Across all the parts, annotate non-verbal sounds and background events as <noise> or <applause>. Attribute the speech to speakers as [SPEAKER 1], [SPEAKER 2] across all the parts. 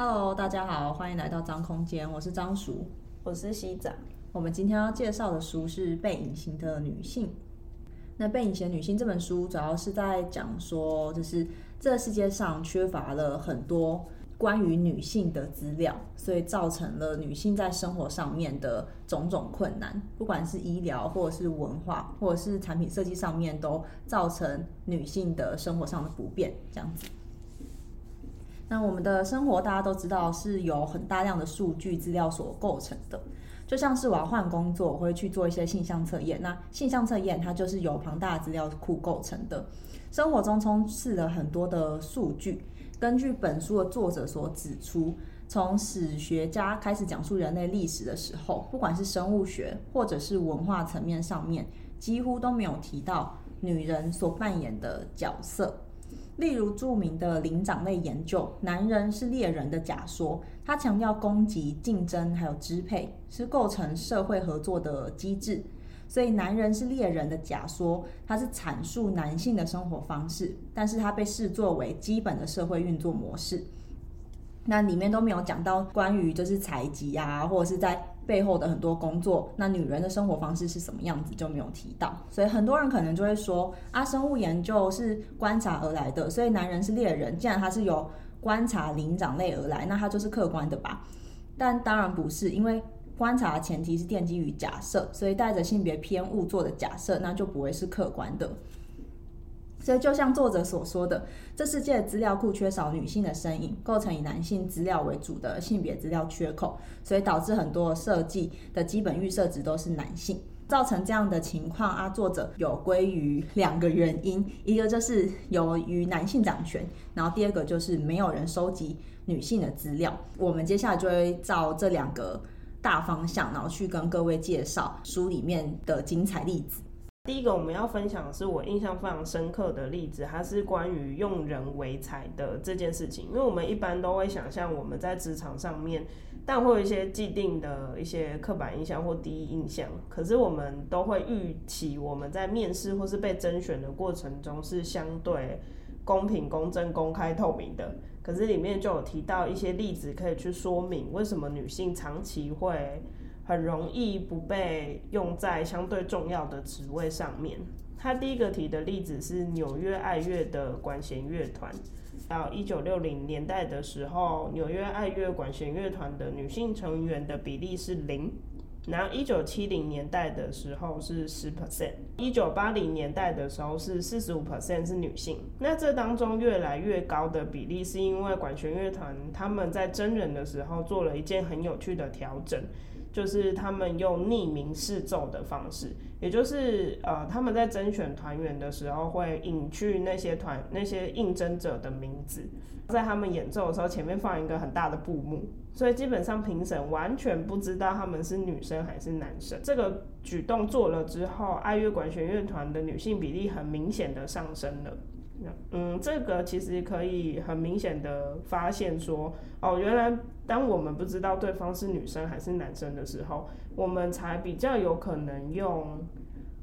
[SPEAKER 1] Hello，大家好，歡迎來到髒空間。我是張叔，我是西仔。我們今天要介紹的書是《被隱形的女性》。那《被隱形的女性》這本書主要是在講說，就是這個世界上缺乏了很多關於女性的資料，所以造成了女性在生活上面的種種困難，不管是醫療或者是文化或者是產品設計上面，都造成女性的生活上的不便，這樣子。那我們的生活，大家都知道是由很大量的數據資料所構成的。就像是我要換工作，我會去做一些性向測驗。那性向測驗它就是由龐大的資料庫構成的。生活中充斥了很多的數據。根據本書的作者所指出，從史學家開始講述人類歷史的時候，不管是生物學或者是文化層面上面，幾乎都沒有提到女人所扮演的角色。例如著名的靈長類研究“男人是獵人”的假說，他強調攻擊、競爭還有支配是構成社會合作的機制。所以“男人是獵人”的假說，它是闡述男性的生活方式，但是它被視作為基本的社會運作模式。那裡面都沒有講到關於就是採集啊，或者是在。背後的很多工作，那女人的生活方式是什麼樣子就沒有提到，所以很多人可能就會說啊，生物研究是觀察而來的，所以男人是獵人，既然他是由觀察靈長類而來，那他就是客觀的吧？但當然不是，因為觀察的前提是奠基於假設，所以帶着性別偏誤做的假設，那就不會是客觀的。所以，就像作者所說的，這世界的資料庫缺少女性的身影，構成以男性資料為主的性別資料缺口，所以導致很多設計的基本預設值都是男性，造成這樣的情況啊。作者有歸於兩個原因，一個就是由於男性掌權，然後第二個就是沒有人收集女性的資料。我們接下來就會照這兩個大方向，然後去跟各位介紹書裡面的精彩例子。
[SPEAKER 2] 第一個我們要分享的是我印象非常深刻的例子，它是關於用人為才的這件事情。因為我們一般都會想象我們在職場上面，但會有一些既定的一些刻板印象或第一印象。可是我們都會預期我們在面試或是被甄選的過程中是相對公平、公正、公開、透明的。可是裡面就有提到一些例子可以去說明為什麼女性長期會。很容易不被用在相對重要的職位上面。他第一個提的例子是紐約愛樂的管弦樂團。到一九六零年代的時候，紐約愛樂管弦樂團的女性成員的比例是零。然後一九七零年代的時候是十 percent，一九八零年代的時候是四十五 percent 是女性。那這當中越來越高的比例，是因為管弦樂團他們在徵人的時候做了一件很有趣的調整。就是他們用匿名試奏的方式，也就是呃，他們在徵選團員的時候會隱去那些團那些應徵者的名字，在他們演奏的時候前面放一個很大的布幕，所以基本上評審完全不知道他們是女生還是男生。這個舉動做了之後，愛樂管弦樂團的女性比例很明顯的上升了。嗯，這個其實可以很明顯的發現說，哦，原來當我們不知道對方是女生還是男生的時候，我們才比較有可能用，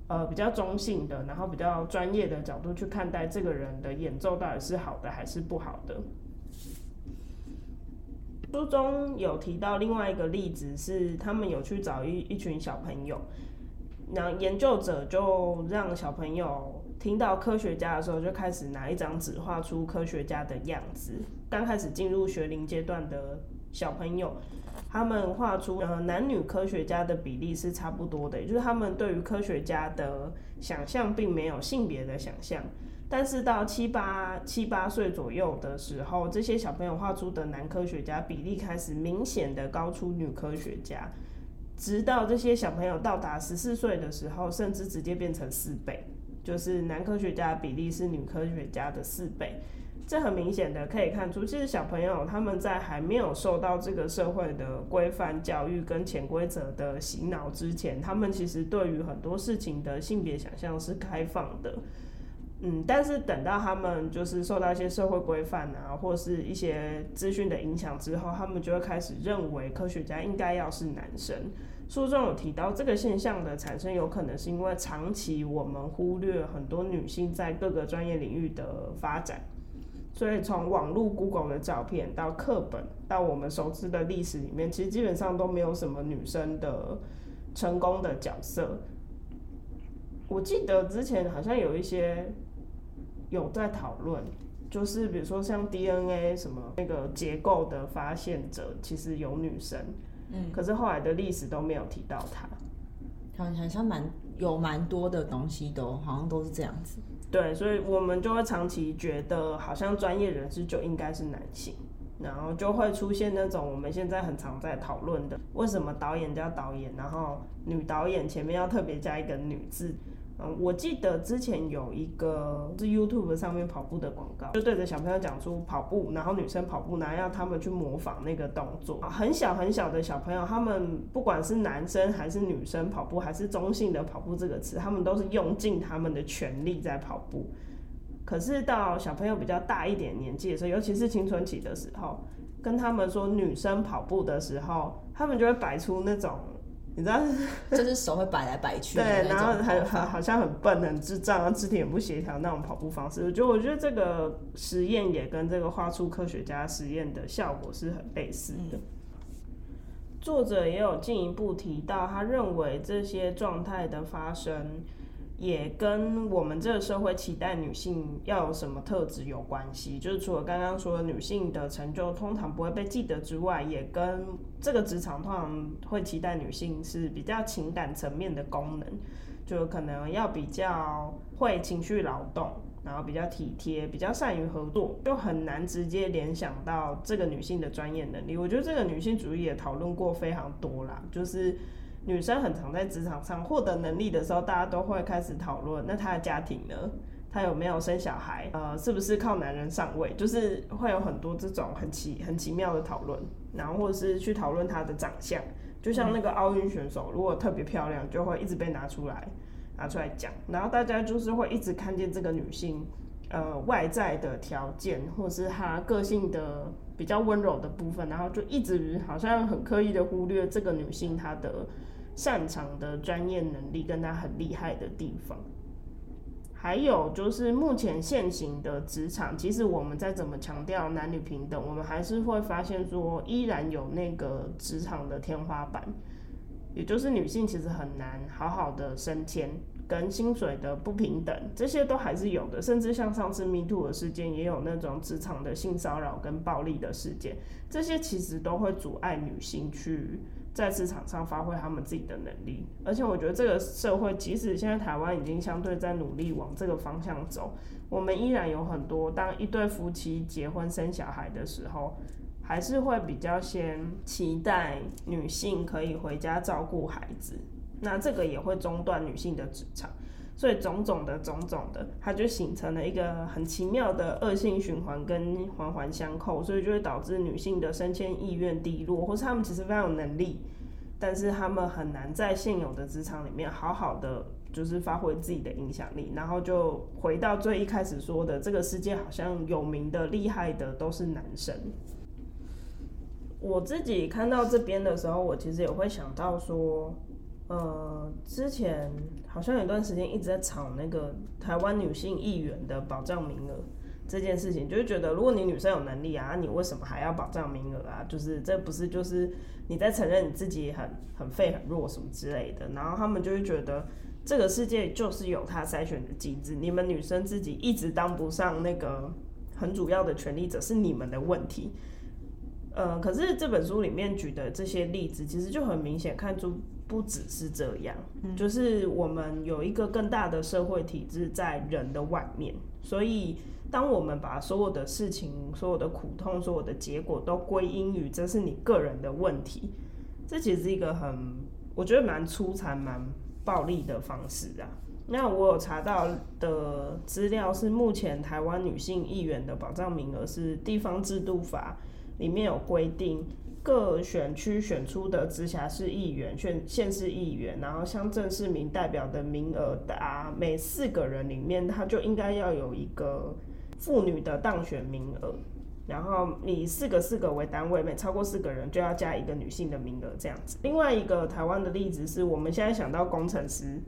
[SPEAKER 2] 呃，比較中性的，然後比較專業的角度去看待這個人的演奏到底是好的還是不好的。書中有提到另外一個例子是，他們有去找一一群小朋友，然後研究者就讓小朋友，聽到科學家的時候，就開始拿一張紙畫出科學家的樣子。剛開始進入學齡階段的小朋友，他們畫出呃男女科學家的比例是差不多的，也就是他們對於科學家的想象並沒有性別的想象。但是到七八七八歲左右的時候，這些小朋友畫出的男科學家比例開始明顯的高出女科學家，直到這些小朋友到達十四歲的時候，甚至直接變成四倍。就是男科學家的比例是女科學家的四倍，這很明顯的可以看出，其實小朋友他們在還沒有受到這個社會的規範教育跟潛規則的洗腦之前，他們其實對於很多事情的性別想象是開放的。嗯，但是等到他們就是受到一些社會規範啊，或是一些資訊的影響之後，他們就會開始認為科學家應該要是男生。書中有提到這個現象的產生，有可能是因為長期我們忽略很多女性在各個專業領域的發展。所以從網絡、Google 的照片到課本，到我們熟知的歷史裡面，其實基本上都沒有什麼女生的成功的角色。我記得之前好像有一些有在討論，就是比如說像 DNA 什麼那個結構的發現者，其實有女生。嗯，可是後來的歷史都沒有提到他，好、
[SPEAKER 1] 嗯、像好像蠻有蠻多的東西都好像都是這樣子。
[SPEAKER 2] 對，所以我們就會長期覺得好像專業人士就應該是男性，然後就會出現那種我們現在很常在討論的，為什麼導演叫導演，然後女導演前面要特別加一個女字。嗯，我記得之前有一個是 YouTube 上面跑步的廣告，就對着小朋友講出跑步，然後女生跑步，然後要他們去模仿那個動作啊。很小很小的小朋友，他們不管是男生還是女生跑步，還是中性的跑步這個詞，他們都是用盡他們的全力在跑步。可是到小朋友比較大一點年紀的時候，尤其是青春期的時候，跟他們說女生跑步的時候，他們就會擺出那種。你知道，就是手會擺來擺去的，對，然後還好像很笨、很智障、肢體很不協調那種跑步方式。就我覺得這個實驗也跟這個畫出科學家實驗的效果是很類似的。嗯、作者也有進一步提到，他認為這些狀態的發生。也跟我們這個社會期待女性要有什麼特質有關係，就是除了剛剛說女性的成就通常不會被記得之外，也跟這個職場通常會期待女性是比較情感層面的功能，就可能要比較會情緒勞動，然後比較體貼，比較善於合作，就很難直接聯想到這個女性的專業能力。我覺得這個女性主義也討論過非常多啦，就是。女生很常在職場上獲得能力的時候，大家都會開始討論。那她的家庭呢？她有沒有生小孩？呃，是不是靠男人上位？就是會有很多這種很奇、很奇妙的討論，然後或者是去討論她的長相。就像那個奧運選手，如果特別漂亮，就會一直被拿出來、拿出來講。然後大家就是會一直看見這個女性，呃，外在的條件，或者是她個性的比較溫柔的部分，然後就一直好像很刻意的忽略這個女性她的。擅長的專業能力跟他很厲害的地方，還有就是目前現行的職場，其實我們再怎麼強調男女平等，我們還是會發現說，依然有那個職場的天花板，也就是女性其實很難好好的升遷。跟薪水的不平等，這些都還是有的。甚至像上次 Me Too 的事件，也有那種職場的性騷擾跟暴力的事件，這些其實都會阻礙女性去在職場上發揮她們自己的能力。而且，我覺得這個社會，即使現在台灣已經相對在努力往這個方向走，我們依然有很多，當一對夫妻結婚生小孩的時候，還是會比較先期待女性可以回家照顧孩子。那這個也會中斷女性的職場，所以種種的種種的，它就形成了一個很奇妙的惡性循環跟環環相扣，所以就會導致女性的升遷意願低落，或是她們其實非常有能力，但是她們很難在現有的職場裡面好好的就是發揮自己的影響力，然後就回到最一開始說的，這個世界好像有名的厲害的都是男生。我自己看到這邊的時候，我其實也會想到說，呃，之前好像有段時間一直在吵那個台灣女性議員的保障名額這件事情，就是覺得如果你女生有能力啊，你為什麼還要保障名額啊？就是這不是就是你在承認你自己很很廢很弱什麼之類的？然後他們就會覺得這個世界就是有他篩選的機制，你們女生自己一直當不上那個很主要的權力者是你們的問題。呃，可是這本書裡面舉的這些例子，其實就很明顯看出。不只是這樣，就是我們有一個更大的社會體制在人的外面，所以當我們把所有的事情、所有的苦痛、所有的結果都歸因於這是你個人的問題，這其實是一個很我覺得蠻粗殘、蠻暴力的方式啊。那我有查到的資料是，目前台灣女性議員的保障名額是地方制度法裡面有規定。各選區選出的直轄市議員、選、縣市議員，然後鄉鎮市民代表的名額的、啊、每四個人裡面，他就應該要有一個婦女的當選名額。然後以四個四個為單位，每超過四個人就要加一個女性的名額這樣子。另外一個台灣的例子是，我們現在想到工程師，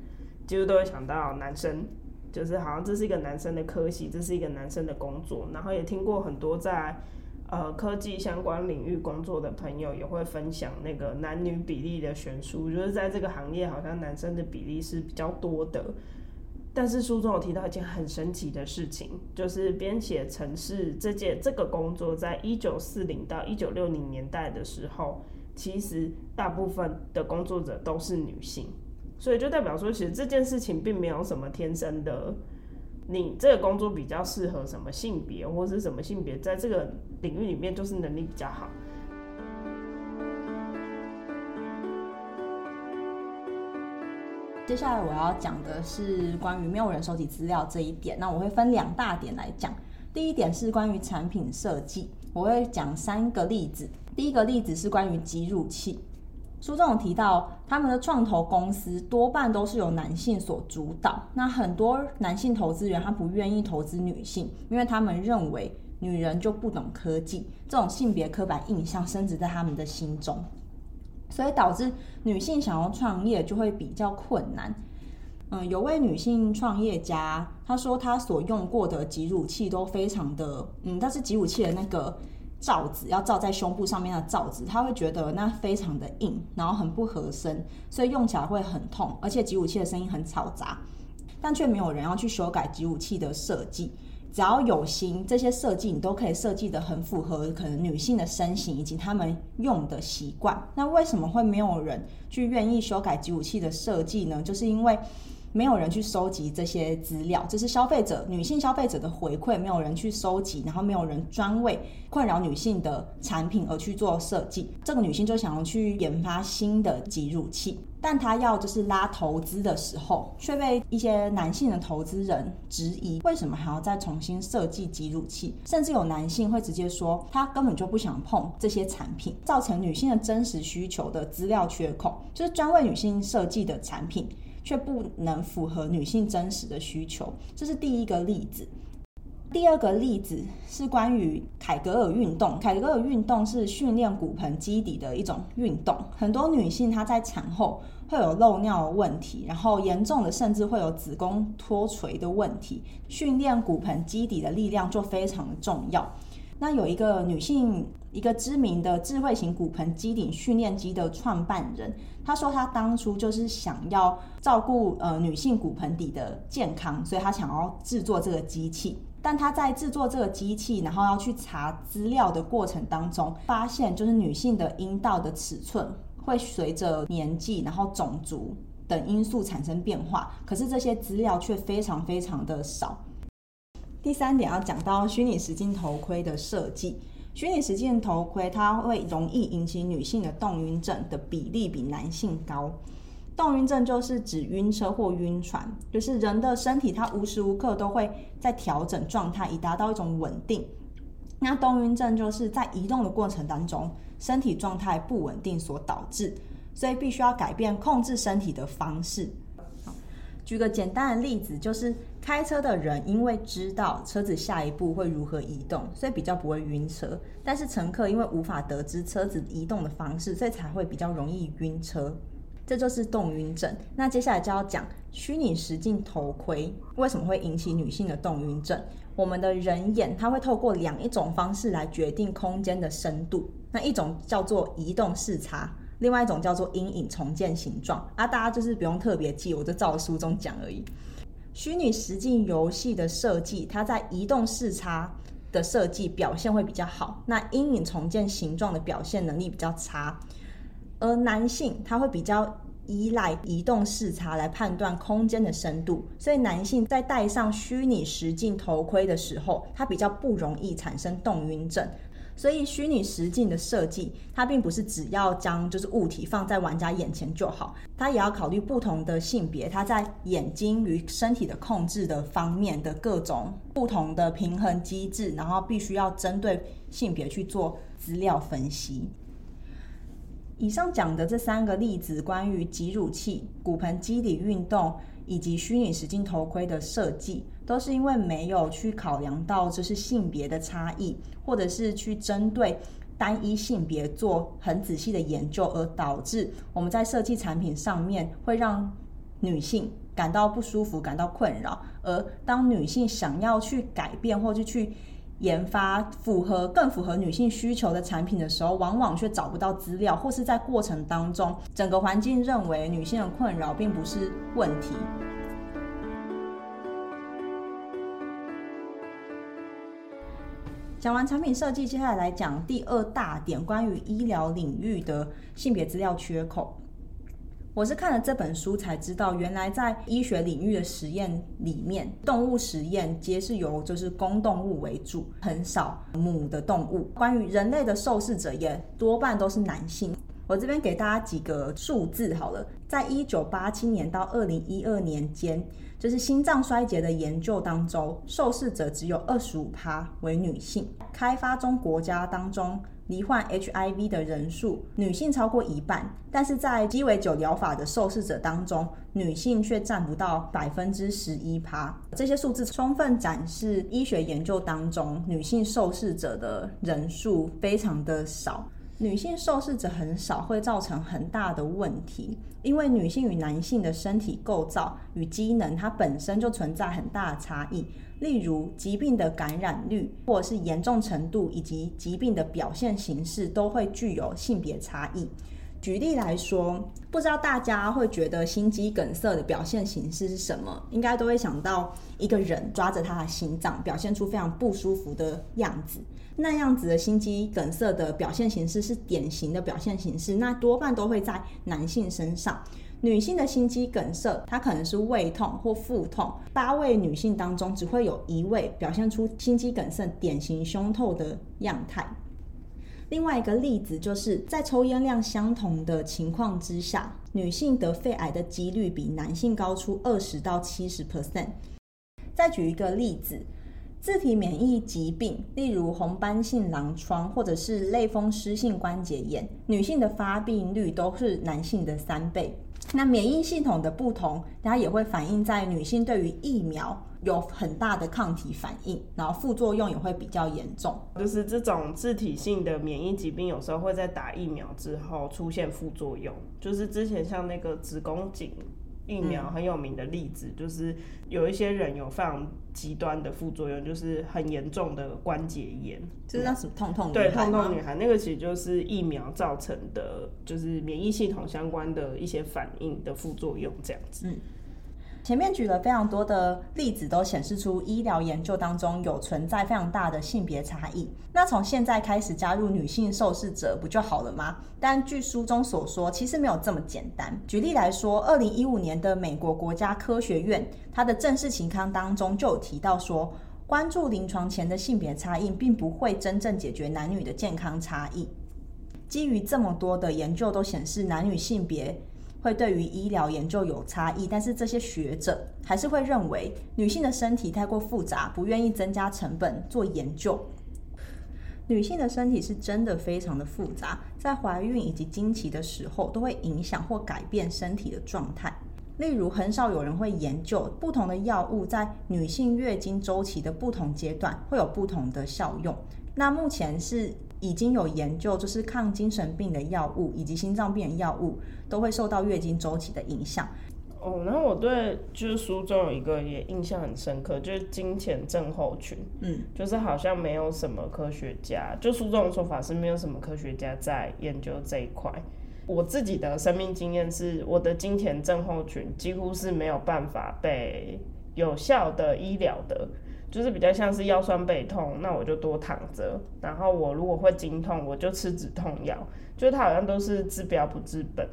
[SPEAKER 2] 幾乎都會想到男生，就是好像這是一個男生的科系，這是一個男生的工作。然後也聽過很多在呃，科技相關領域工作的朋友也會分享那個男女比例的懸殊，就是在這個行業好像男生的比例是比較多的。但是書中有提到一件很神奇的事情，就是編寫程式這件這個工作，在一九四零到一九六零年代的時候，其實大部分的工作者都是女性，所以就代表說，其實這件事情並沒有什麼天生的。你這個工作比較適合什麼性別，或者是什麼性別，在這個領域裡面就是能力比較好。
[SPEAKER 1] 接下來我要講的是關於沒有人收集資料這一點，那我會分兩大點來講。第一點是關於產品設計，我會講三個例子。第一個例子是關於集乳器。書中提到他們的創投公司多半都是由男性所主導，那很多男性投資人他不願意投資女性，因為他們認為女人就不懂科技，這種性別刻板印象深植在他們的心中，所以導致女性想要創業就會比較困難。嗯，有位女性創業家她說她所用過的擠乳器都非常的，嗯，但是擠乳器的那個。罩子，要罩在胸部上面的罩子，他會覺得那非常的硬，然後很不合身，所以用起來會很痛，而且擠乳器的聲音很嘈雜，但卻沒有人要去修改擠乳器的設計。只要有心，這些設計你都可以設計得很符合可能女性的身形以及她們用的習慣。那為什麼會沒有人去願意修改擠乳器的設計呢？就是因為。沒有人去收集這些資料，這是消費者女性消費者的回饋。沒有人去收集，然後沒有人專為困擾女性的產品而去做設計。這個女性就想要去研發新的擠乳器，但她要就是拉投資的時候，卻被一些男性的投資人質疑：為什麼還要再重新設計擠乳器？甚至有男性會直接說他根本就不想碰這些產品，造成女性的真實需求的資料缺口，就是專為女性設計的產品。卻不能符合女性真實的需求，這是第一個例子。第二個例子是關於凱格爾運動。凱格爾運動是訓練骨盆基底的一種運動。很多女性她在產後會有漏尿的問題，然後嚴重的甚至會有子宮脫垂的問題。訓練骨盆基底的力量就非常的重要。那有一個女性，一個知名的智慧型骨盆基底訓練機的創辦人，她說她當初就是想要照顧呃女性骨盆底的健康，所以她想要製作這個機器。但她在製作這個機器，然後要去查資料的過程當中，發現就是女性的陰道的尺寸會隨着年紀、然後種族等因素產生變化，可是這些資料卻非常非常的少。第三點要講到虛擬實境頭盔的設計。虛擬實境頭盔它會容易引起女性的動暈症的比例比男性高。動暈症就是指暈車或暈船，就是人的身體它無時無刻都會在調整狀態以達到一種穩定。那動暈症就是在移動的過程當中，身體狀態不穩定所導致，所以必須要改變控制身體的方式。舉個簡單的例子，就是開車的人因為知道車子下一步會如何移動，所以比較不會暈車；但是乘客因為無法得知車子移動的方式，所以才會比較容易暈車，這就是動暈症。那接下來就要講虛擬實境頭盔為什麼會引起女性的動暈症。我們的人眼它會透過兩一種方式來決定空間的深度，那一種叫做移動視差。另外一種叫做陰影重建形狀啊，大家就是不用特別記，我就照書中講而已。虛擬實境遊戲的設計，它在移動視差的設計表現會比較好，那陰影重建形狀的表現能力比較差，而男性他會比較。依賴移動視差來判斷空間的深度，所以男性在戴上虛擬實境頭盔的時候，它比較不容易產生動暈症。所以虛擬實境的設計，它並不是只要將就是物體放在玩家眼前就好，它也要考慮不同的性別，它在眼睛與身體的控制的方面的各種不同的平衡機制，然後必須要針對性別去做資料分析。以上講的這三個例子，關於擠乳器、骨盆基底運動以及虛擬實境頭盔的設計，都是因為沒有去考量到這是性別的差異，或者是去針對單一性別做很仔細的研究，而導致我們在設計產品上面會讓女性感到不舒服、感到困擾。而當女性想要去改變，或者去研發符合更符合女性需求的產品的時候，往往卻找不到資料，或是在過程當中，整個環境認為女性的困擾並不是問題。講完產品設計，接下來來講第二大點，關於醫療領域的性別資料缺口。我是看了這本書才知道，原來在醫學領域的實驗裡面，動物實驗皆是由就是公動物為主，很少母的動物。關於人類的受試者，也多半都是男性。我這邊給大家幾個數字好了，在一九八七年到二零一二年間，就是心臟衰竭的研究當中，受試者只有二十五趴為女性。開發中國家當中。罹患 HIV 的人數女性超過一半，但是在雞尾酒療法的受試者當中，女性卻占不到百分之十一趴。這些數字充分展示醫學研究當中女性受試者的人數非常的少。女性受試者很少會造成很大的問題，因為女性與男性的身體構造與機能，它本身就存在很大的差異。例如，疾病的感染率或者是嚴重程度，以及疾病的表現形式，都會具有性別差異。舉例來說，不知道大家會覺得心肌梗塞的表現形式是什麼？應該都會想到一個人抓着他的心臟，表現出非常不舒服的樣子。那樣子的心肌梗塞的表現形式是典型的表現形式，那多半都會在男性身上。女性的心肌梗塞，它可能是胃痛或腹痛。八位女性當中，只會有一位表現出心肌梗塞典型胸痛的樣態。另外一個例子，就是在抽菸量相同的情況之下，女性得肺癌的幾率比男性高出二十到七十 percent。再舉一個例子。自體免疫疾病，例如紅斑性狼瘡或者是類風濕性關節炎，女性的發病率都是男性的三倍。那免疫系統的不同，它也會反映在女性對於疫苗有很大的抗體反應，然後副作用也會比較嚴
[SPEAKER 2] 重。就是這種自體性的免疫疾病，有時候會在打疫苗之後出現副作用。就是之前像那個子宮頸。疫苗很有名的例子，嗯、就是有一些人有非常極端的副作用，就是很嚴重的關節炎，
[SPEAKER 1] 就是那什麼痛痛女孩，對，痛痛女孩
[SPEAKER 2] 那個其實就是疫苗造成的，就是
[SPEAKER 1] 免疫系統相關的一些反應的副作用這樣子。嗯前面舉了非常多的例子，都顯示出醫療研究當中有存在非常大的性別差異。那從現在開始加入女性受試者不就好了嗎？但據書中所說，其實沒有這麼簡單。舉例來說，二零一五年的美國國家科學院它的正式期刊當中就有提到說，關注臨床前的性別差異，並不會真正解決男女的健康差異。基於這麼多的研究都顯示，男女性別。會對於醫療研究有差異，但是這些學者還是會認為女性的身體太過複雜，不願意增加成本做研究。女性的身體是真的非常的複雜，在懷孕以及經期的時候都會影響或改變身體的狀態。例如，很少有人會研究不同的藥物在女性月經周期的不同階段會有不同的效用。那目前是已經有研究，就是抗精神病的藥物以及心臟病的藥物，都會受到月經周期的影響。
[SPEAKER 2] 哦，然後我對就是書中有一個也印象很深刻，就是經前症候群。嗯，就是好像沒有什麼科學家，就書中的說法是沒有什麼科學家在研究這一塊。我自己的生命經驗是，我的經前症候群幾乎是沒有辦法被有效的醫療的。就是比較像是腰酸背痛，那我就多躺着。然後我如果會經痛，我就吃止痛藥。就是它好像都是治標不治本。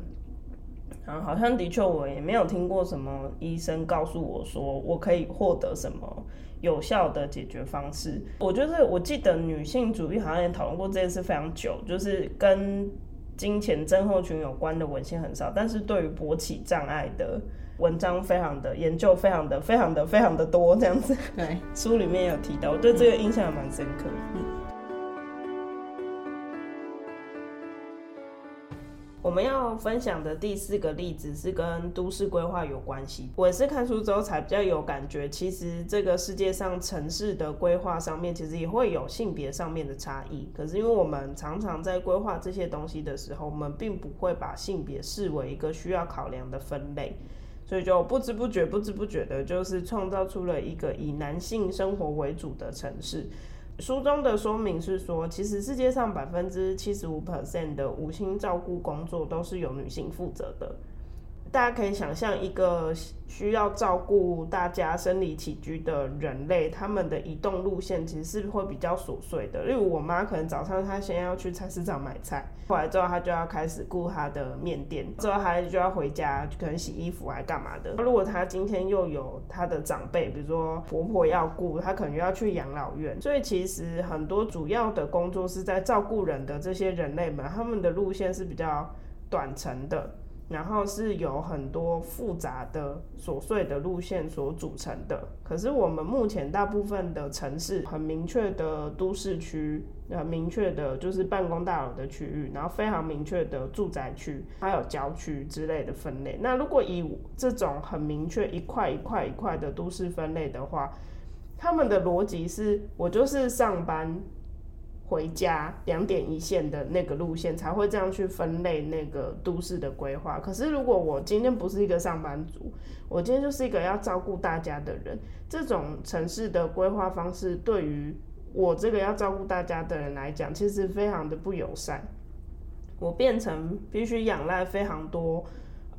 [SPEAKER 2] 然後好像的確我也沒有聽過什麼醫生告訴我說我可以獲得什麼有效的解決方式。我覺得我記得女性主義好像也討論過這件事非常久，就是跟經前症候群有關的文獻很少，但是對於勃起障礙的，文章非常的，研究非常的、非常的、非常的多這樣子。對，書裡面有提到，我對這個印象蠻深刻。嗯、我們要分享的第四個例子是跟都市規劃有關係。我也是看書之後才比較有感覺，其實這個世界上城市的規劃上面，其實也會有性別上面的差異。可是因為我們常常在規劃這些東西的時候，我們並不會把性別視為一個需要考量的分類。所以就不知不覺、不知不覺的，就是創造出了一個以男性生活為主的城市。書中的說明是說，其實世界上百分之七十五 percent 的無薪照顧工作都是由女性負責的。大家可以想象一個需要照顧大家生理起居的人類，他們的移動路線其實是會比較瑣碎的。例如我媽可能早上她先要去菜市場買菜，回來之後她就要開始顧她的麵店，之後她就要回家，可能洗衣服還幹嘛的。如果她今天又有她的長輩，比如說婆婆要顧，她可能又要去養老院。所以其實很多主要的工作是在照顧人的這些人類們，他們的路線是比較短程的。然後是有很多複雜的、瑣碎的路線所組成的。可是我們目前大部分的城市很明確的都市區，很明確的就是辦公大樓的區域，然後非常明確的住宅區，還有郊區之類的分類。那如果以這種很明確一塊一塊一塊的都市分類的話，他們的邏輯是我就是上班。回家兩點一線的那個路線，才會這樣去分類那個都市的規劃。可是如果我今天不是一個上班族，我今天就是一個要照顧大家的人，這種城市的規劃方式對於我這個要照顧大家的人來講，其實非常的不友善。我變成必須仰賴非常多。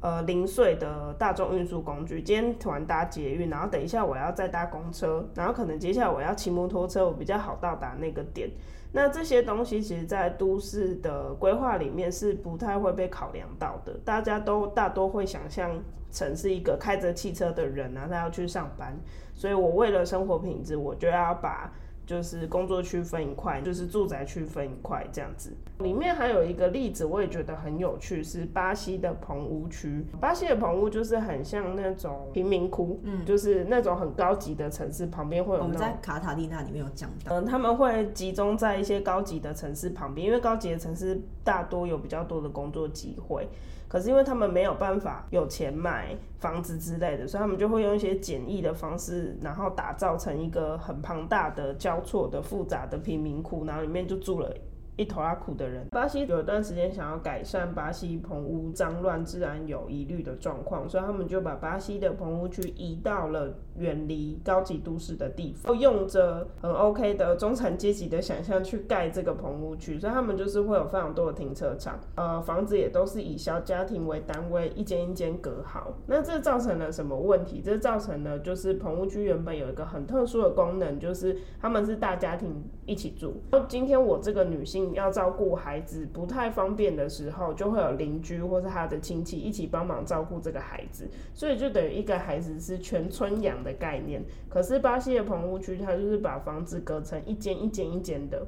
[SPEAKER 2] 呃，零碎的大眾運輸工具。今天突然搭捷運，然後等一下我要再搭公車，然後可能接下來我要騎摩托車，我比較好到達那個點。那這些東西其實在都市的規劃裡面是不太會被考量到的。大家都大多會想象成是一個開着汽車的人，然後啊，他要去上班。所以我為了生活品質，我就要把。就是工作區分一塊，就是住宅區分一塊，這樣子。裡面還有一個例子，我也覺得很有趣，是巴西的棚屋區。巴西的棚屋就是很像那種貧民窟，嗯，就是那種很高級的城市旁邊會有，有。我們在
[SPEAKER 1] 卡塔利娜裡面有
[SPEAKER 2] 講到，嗯，呃，他們會集中在一些高級的城市旁邊，因為高級的城市大多有比較多的工作機會。可是因為他們沒有辦法有錢買房子之類的，所以他們就會用一些簡易的方式，然後打造成一個很龐大的、交錯的、複雜的貧民窟，然後裡面就住了。一頭啊苦的人。巴西有一段時間想要改善巴西棚屋髒亂自然有疑慮的狀況，所以他們就把巴西的棚屋區移到了遠離高級都市的地方，用着很 OK 的中產階級的想象去蓋這個棚屋區，所以他們就是會有非常多的停車場，呃，房子也都是以小家庭為單位，一間一間隔好。那這造成了什麼問題？這造成了就是棚屋區原本有一個很特殊的功能，就是他們是大家庭一起住。今天我這個女性。要照顧孩子不太方便的時候，就會有鄰居或是他的親戚一起幫忙照顧這個孩子，所以就等於一個孩子是全村養的概念。可是巴西的棚屋區，它就是把房子隔成一間一間、一間的，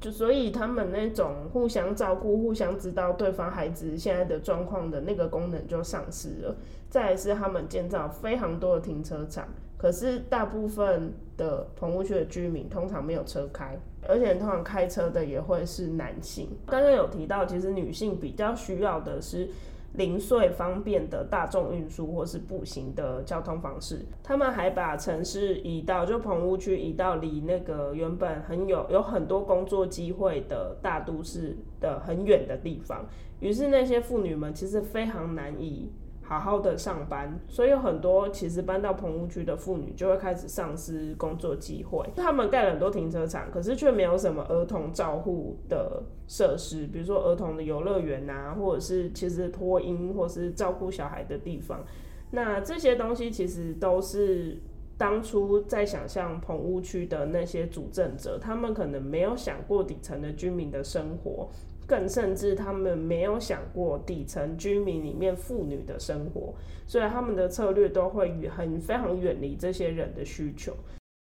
[SPEAKER 2] 就所以他們那種互相照顧、互相知道對方孩子現在的狀況的那個功能就喪失了。再來是他們建造非常多的停車場，可是大部分。的棚屋區的居民通常沒有車開，而且通常開車的也會是男性。剛剛有提到，其實女性比較需要的是零碎方便的大眾運輸或是步行的交通方式。他們還把城市移到，就棚屋區移到離那個原本很有有很多工作機會的大都市的很遠的地方。於是那些婦女們其實非常難以。好好的上班，所以有很多其實搬到棚屋區的婦女就會開始喪失工作機會。他們蓋了很多停車場，可是卻沒有什麼兒童照護的設施，比如說兒童的遊樂園啊，或者是其實托嬰或是照顧小孩的地方。那這些東西其實都是當初在想象棚屋區的那些主政者，他們可能沒有想過底層的居民的生活。更甚至，他們沒有想過底層居民裡面婦女的生活，所以他們的策略都會與很非常遠離這些人的需求。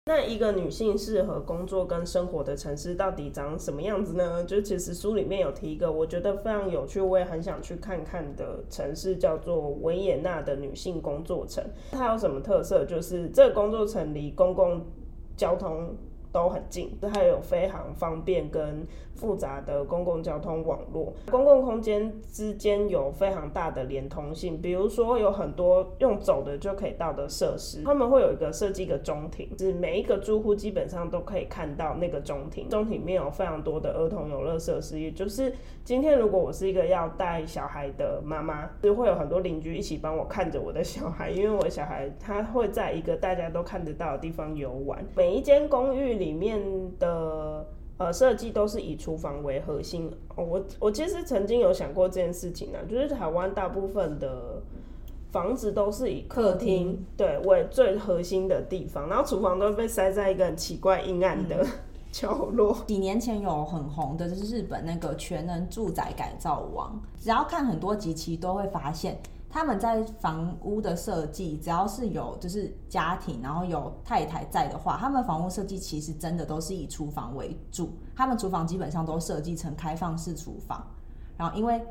[SPEAKER 2] 那一個女性適合工作跟生活的城市到底長什麼樣子呢？就其實書裡面有提一個我覺得非常有趣，我也很想去看看的城市，叫做維也納的女性工作城。它有什麼特色？就是這個工作城離公共交通。都很近，它有非常方便跟複雜的公共交通網絡，公共空間之間有非常大的連通性。比如說有很多用走的就可以到的設施。他們會有一個設計一個中庭，就是每一個住戶基本上都可以看到那個中庭。中庭面有非常多的兒童遊樂設施，也就是今天如果我是一個要帶小孩的媽媽，就會有很多鄰居一起幫我看着我的小孩，因為我的小孩他會在一個大家都看得到的地方遊玩。每一間公寓。裡面的呃設計都是以廚房為核心。哦、我我其實曾經有想過這件事情啊，就是台灣大部分的房子都是以客廳廳對為最核心的地方，然後廚房都被塞在一個很奇怪陰暗的角落、嗯。
[SPEAKER 1] 幾年前有很紅的就是日本那個全能住宅改造王，只要看很多集期都會發現。他們在房屋的設計，只要是有就是家庭，然後有太太在的話，他們房屋設計其實真的都是以廚房為主。他們廚房基本上都設計成開放式廚房，然後因為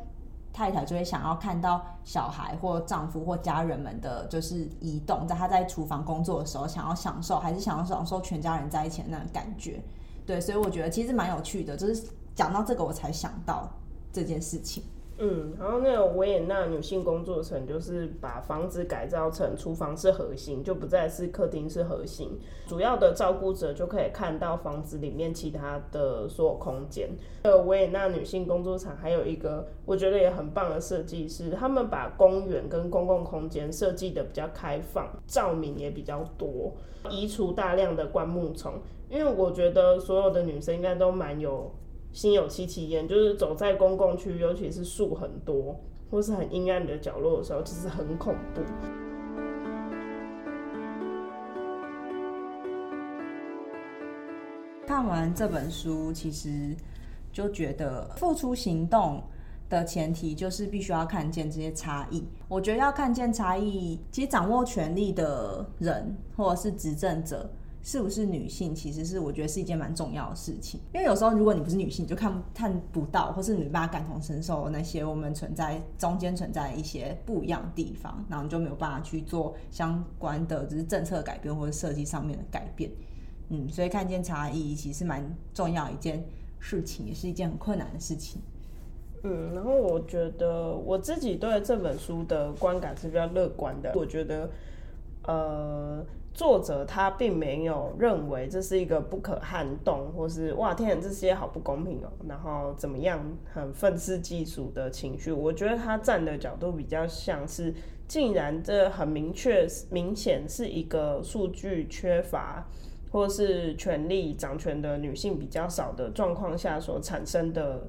[SPEAKER 1] 太太就會想要看到小孩或丈夫或家人們的就是移動，在她在廚房工作的時候，想要享受還是想要享受全家人在一起的那種感覺。對，所以我覺得其實蠻有趣的，就是講到這個我才想到這件事情。
[SPEAKER 2] 嗯，然後那個維也納女性工作城就是把房子改造成廚房是核心，就不再是客廳是核心，主要的照顧者就可以看到房子裡面其他的所有空間。呃，維也納女性工作城還有一個我覺得也很棒的設計是，他們把公園跟公共空間設計得比較開放，照明也比較多，移除大量的灌木叢，因為我覺得所有的女生應該都蠻有。心有戚戚焉，就是走在公共區域，尤其是樹很多，或是很陰暗的角落的時候，其實很恐怖。
[SPEAKER 1] 看完這本書，其實就覺得付出行動的前提就是必須要看見這些差異。我覺得要看見差異，其實掌握權力的人或者是執政者。是不是女性其實，是我覺得是一件蠻重要的事情，因為有時候如果你不是女性，你就看看不到，或是你沒有辦法感同身受那些我們存在中間存在一些不一樣的地方，然後你就沒有辦法去做相關的只是政策改變或者設計上面的改變。嗯，所以看見差異其實蠻重要的一件事情，也是一件很困難的事情。
[SPEAKER 2] 嗯，然後我覺得我自己對這本書的觀感是比較樂觀的，我覺得，呃。作者他並沒有認為這是一個不可撼動，或是哇天，這些好不公平哦，然後怎麼樣很憤世嫉俗的情緒。我覺得他站的角度比較像是，既然這很明確、明顯是一個數據缺乏，或是權力掌權的女性比較少的狀況下所產生的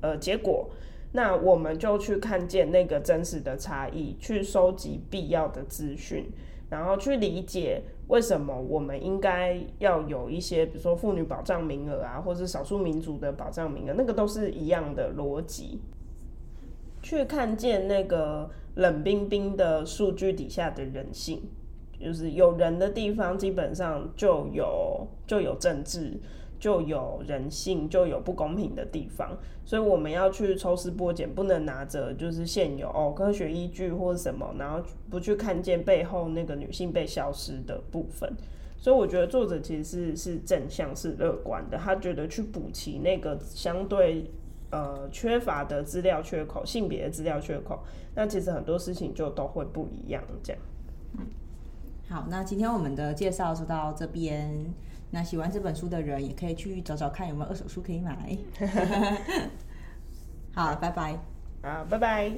[SPEAKER 2] 呃結果。那我們就去看見那個真實的差異，去收集必要的資訊。然後去理解為什麼我們應該要有一些，比如說婦女保障名額啊，或是少數民族的保障名額，那個都是一樣的邏輯。去看見那個冷冰冰的數據底下的人性，就是有人的地方，基本上就有就有政治，就有人性，就有不公平的地方，所以我們要去抽絲剝繭，不能拿着就是現有哦科學依據或者什麼，然後不去看見背後那個女性被消失的部分。所以我覺得作者其實是是正向、是樂觀的，他覺得去補齊那個相對呃缺乏的資料缺口、性別的資料缺口，那其實很多事情就都會不一樣。這樣，
[SPEAKER 1] 好，那今天我們的介紹就到這邊。那喜歡這本書的人，也可以去找找看有沒有二手書可以買。 <laughs> <laughs> 好，拜拜。好，拜拜。